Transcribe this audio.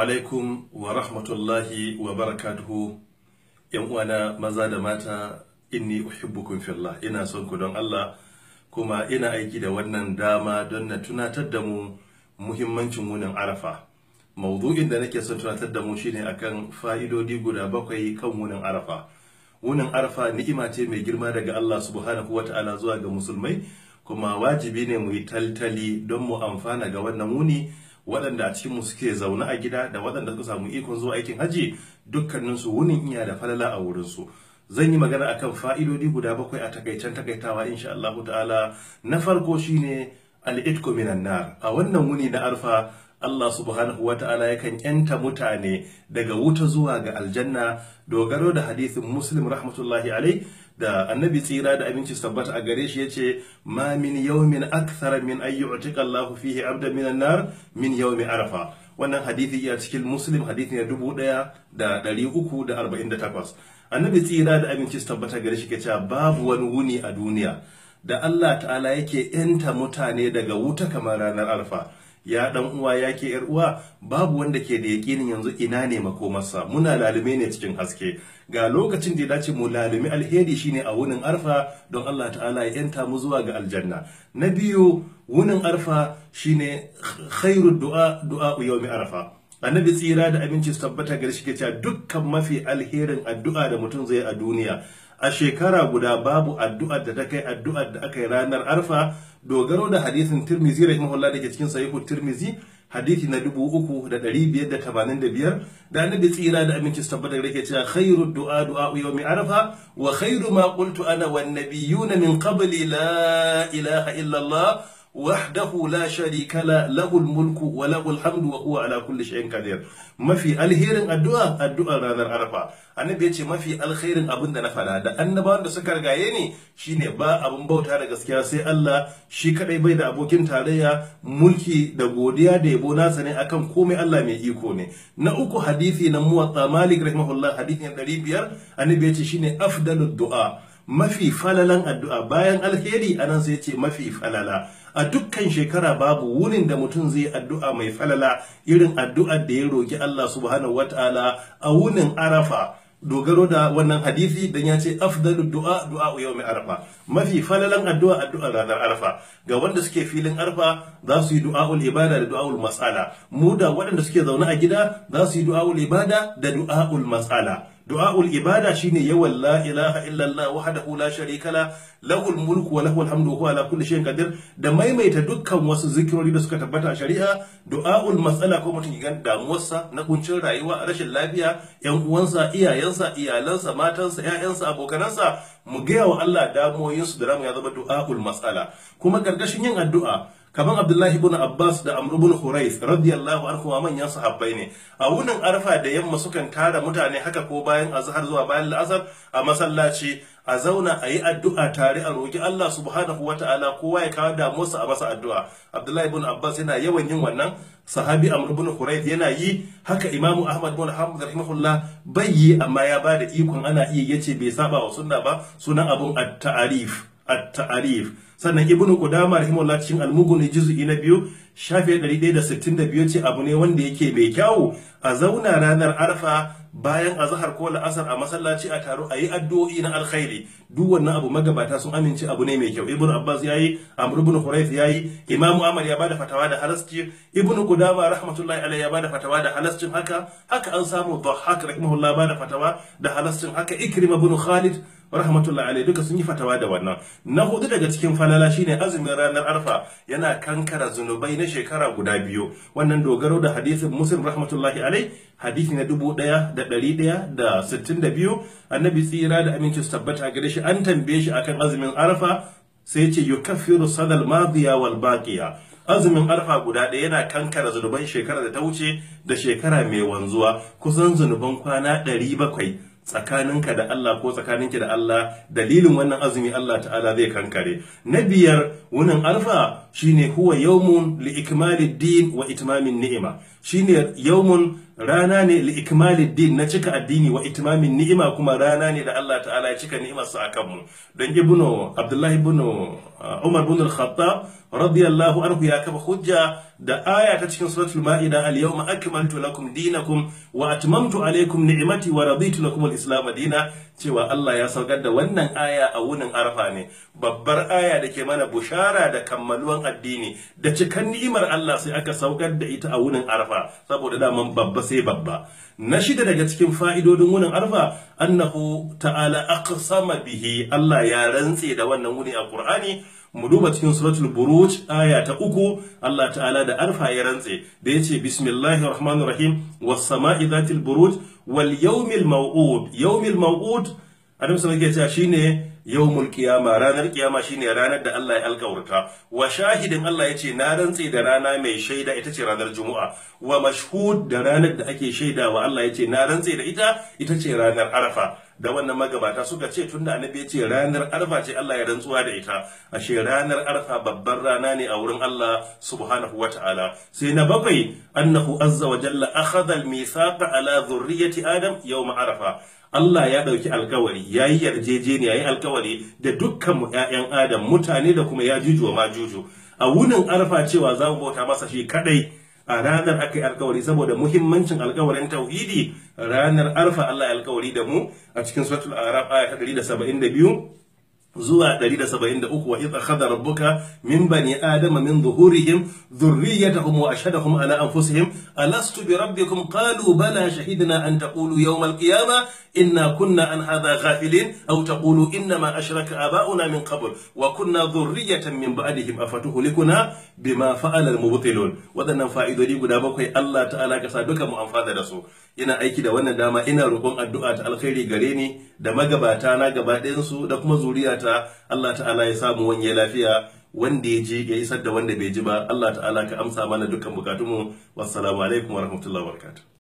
alaikum wa rahmatullahi wa barakatuhu yan uwana maza da mata inni uhibbukum fillah ina son ku don Allah kuma ina aiki da wannan dama don na tunatar da mu muhimmancin wunin Arafa maudu'in da nake son tunatar da mu shine akan fa'idodi guda bakwai kan wunin Arafa wunin Arafa ni'ima ce mai girma daga Allah subhanahu wata'ala zuwa ga musulmai kuma wajibi ne mu yi taltali don mu amfana ga wannan wuni waɗanda a cikinmu suke zaune a gida da waɗanda suka samu ikon zuwa aikin haji dukkaninsu wunin iya da falala a wurinsu zan yi magana akan fa'idodi guda bakwai a takaicen takaitawa insha Allah ta'ala na farko shine al-itku minan nar a wannan wuni na arfa Allah subhanahu wa ta'ala yakan yanta mutane daga wuta zuwa ga aljanna dogaro da hadisin Muslim rahmatullahi alaihi da annabi tsira da abinci sabbata a gare shi yace ma min yawmin akthara min yu'tika Allah fihi abda an nar min yawm arfa. wannan hadithi ya cikin muslim hadithi ne dubu ɗaya da ɗari uku da arba'in da takwas annabi tsira da abinci sabbata tabbata gare shi ke babu wani wuni a duniya da allah ta'ala yake yanta mutane daga wuta kamar ranar alfa ya dan uwa ya ke yar uwa babu wanda ke da yakinin yanzu ina ne makomarsa muna lalume ne cikin haske ga lokacin da ya dace mu lalumi alheri shine a wunin arfa don Allah ta'ala ya yanta mu zuwa ga aljanna na biyu wunin arfa shine khairu du'a du'a yawmi arfa annabi tsira da aminci su tabbata gare shi ke cewa dukkan mafi alherin addu'a da mutum zai a duniya a shekara guda babu addu'ar da ta kai addu'ar da aka yi ranar arfa dogaro da hadisin tirmizi rahimahullah da ke cikin sahihu tirmizi hadisi na 3585 da annabi tsira da aminci tabbatar da ke cewa khairu du'a du'a yawmi arfa wa khairu ma qultu ana wan nabiyyun min qabli la ilaha illa wahdahu la sharika kala lahul mulku wa lahul hamdu wa huwa ala kulli shay'in qadir mafi alherin addu'a addu'ar ranar arafa annabi yace mafi alherin abin da na faɗa. da annabawan da suka rigaye ni shine ba abin bauta da gaskiya sai Allah shi kaɗai bai da abokin tarayya mulki da godiya da yabo nasa ne akan komai Allah mai iko ne na uku hadisi na muwatta malik rahimahullah hadisi biyar. annabi yace shine afdalud du'a mafi falalan addu'a bayan alheri a nan sai ce mafi falala a dukkan shekara babu wunin da mutum zai addu'a mai falala irin addu'ar da ya roƙi Allah subhanahu wataala a wunin arafa dogaro da wannan hadithi dan ya ce afdalu du'a du'a mai arfa mafi falalan addu'a addu'a ranar arfa ga wanda suke filin arfa za su yi du'aul ibada da du'aul matsala. mu da waɗanda suke zaune a gida za su yi du'aul ibada da du'aul matsala. du'aul ibada shine yawan la ilaha illallah wahdahu la sharika la lahul mulku wa lahul hamdu wa huwa ala kulli shay'in qadir da maimaita dukkan wasu zikirori da suka tabbata a shari'a du'aul matsala ko mutum ya damuwarsa na kuncin rayuwa rashin lafiya yan uwansa iyayensa iyalansa matansa ƴaƴansa abokanansa mu gaya wa Allah damoyinsu da ramu ya zama du'aul matsala kuma karkashin yin addu'a kamar abdullahi ibn abbas da amr ibn hurais radiyallahu anhu wa manyan sahabbai ne a wunin arfa da yamma sukan tara mutane haka ko bayan azhar zuwa bayan la'azar a masallaci a zauna a yi addu'a tare a roki Allah subhanahu wata'ala kowa ya kawo musu a masa addu'a abdullahi ibn abbas yana yawan yin wannan sahabi amr ibn hurais yana yi haka imamu ahmad ibn hanbal rahimahullah yi amma ya ba da ikon ana iya yace bai saba wa sunna ba sunan abun at-ta'arif at-ta'arif sannan ibnu qudama rahimahullah cikin al-mughni juz'i na biyu shafe 162 ce abu ne wanda yake mai kyawu a zauna ranar arfa bayan azahar ko la'asar a masallaci a taro a yi addu'o'i na alkhairi duk wannan abu magabata sun amince abu ne mai kyau ibnu abbas yayi amr ibn ya yayi imamu ahmad ya bada fatawa da halasci ibnu qudama rahmatullahi alaihi ya bada fatawa da halascin haka haka an samu dhahhak rahimahullah bada fatawa da halascin haka ikrima ibn khalid rahmatullahi alaihi duka sun yi fatawa da wannan na hudu daga cikin falala shine azumin ranar arfa yana kankara zunubai na shekara guda biyu wannan dogaro da hadisin muslim rahmatullahi alai hadisi na dubu daya da dari daya da sittin da biyu annabi tsira da aminci su tabbata gare shi an tambaye shi akan azumin arfa sai ce yukaffiru sadal madiya wal baqiya azumin arfa guda ɗaya yana kankara zunuban shekara da ta wuce da shekara mai wanzuwa kusan zunuban kwana ɗari bakwai tsakaninka da Allah ko tsakaninki da Allah dalilin wannan azumi Allah ta'ala zai kankare na biyar wunin alfa shine huwa yawmun li ikmali din wa itmamin ni'ima shine yawmun rana ne li'ikmalid din na cika addini wa itimamin ni'ima kuma rana ne da Allah ta'ala ya cika ni'imarsa a mu don ibnu abdullahi ibnu uh, umar ibn al-khattab radiyallahu anhu ya kafa hujja da aya ta cikin suratul ma'ida al-yawma akmaltu lakum dinakum wa atmamtu alaykum ni'mati wa raditu lakum al-islam dina cewa Allah ya saukar da wannan aya a wunin arfa ne babbar aya da ke mana bushara da kammaluwan addini da cikan ni'imar Allah sai aka saukar da ita a wunin arfa saboda daman babba sai babba na shida daga cikin fa'idodin wunin arfa annahu ta'ala aqsama bihi Allah ya rantse da wannan wuni a Qur'ani mu duba cikin suratul buruj aya ta uku Allah ta'ala da arfa ya rantse da yace bismillahir rahmanir rahim was sama'i dhatil buruj wal yawmil maw'ud yawmil maw'ud adam sallallahu alaihi shine yawmul mulkiyama ranar kiyama shine ranar da Allah ya alƙawarta wa shahidin Allah yace na rantse da rana mai shaida ita ce ranar juma'a wa mashhud da ranar da ake shaidawa Allah yace na rantse da ita ita ce ranar arafa da wannan magabata suka ce tunda annabi ya ce ranar arfa ce Allah ya rantsuwa da ita ashe ranar arfa babbar rana ne a wurin Allah subhanahu ta'ala sai na bakwai annahu azza wa jalla akhadha al-mithaqa ala dhurriyyati adam yawm arafa Allah ya ɗauki alkawari ya yi yarjejeniya ya yi alkawari da dukkan mu 'ya'yan adam mutane da kuma ya jujuwa ma juju a wunin arfa cewa za mu bauta masa shi kaɗai a ranar aka yi alkawari saboda muhimmancin alkawarin tauhidi ranar arfa Allah ya alkawari da mu a cikin suratul araf aya ta 172 zuwa 173 wa idh akhadha rabbuka min bani adama min zuhurihim dhurriyyatahum wa ashhadahum ala anfusihim alastu bi rabbikum qalu bala shahidna an taqulu yawm al-qiyamah inna kunna an hadha ghafilin aw taqulu inna ma ashraka aba'una min qabl wa kunna dhurriyyatan min ba'dihim afatuhlikuna bima fa'ala al-mubtilun wadannan fa'idodi guda bakwai Allah ta'ala ka sa duka mu amfana da su ina aiki da wannan dama ina roƙon addu'a ta alkhairi gare ni da magabata na gaba ɗayansu da kuma ta. Allah ta'ala ya samu wani lafiya wanda ya ji ya isar da wanda bai ji ba Allah ta'ala ka amsa mana dukkan bukatunmu wassalamu alaikum warahmatullahi wabarakatuh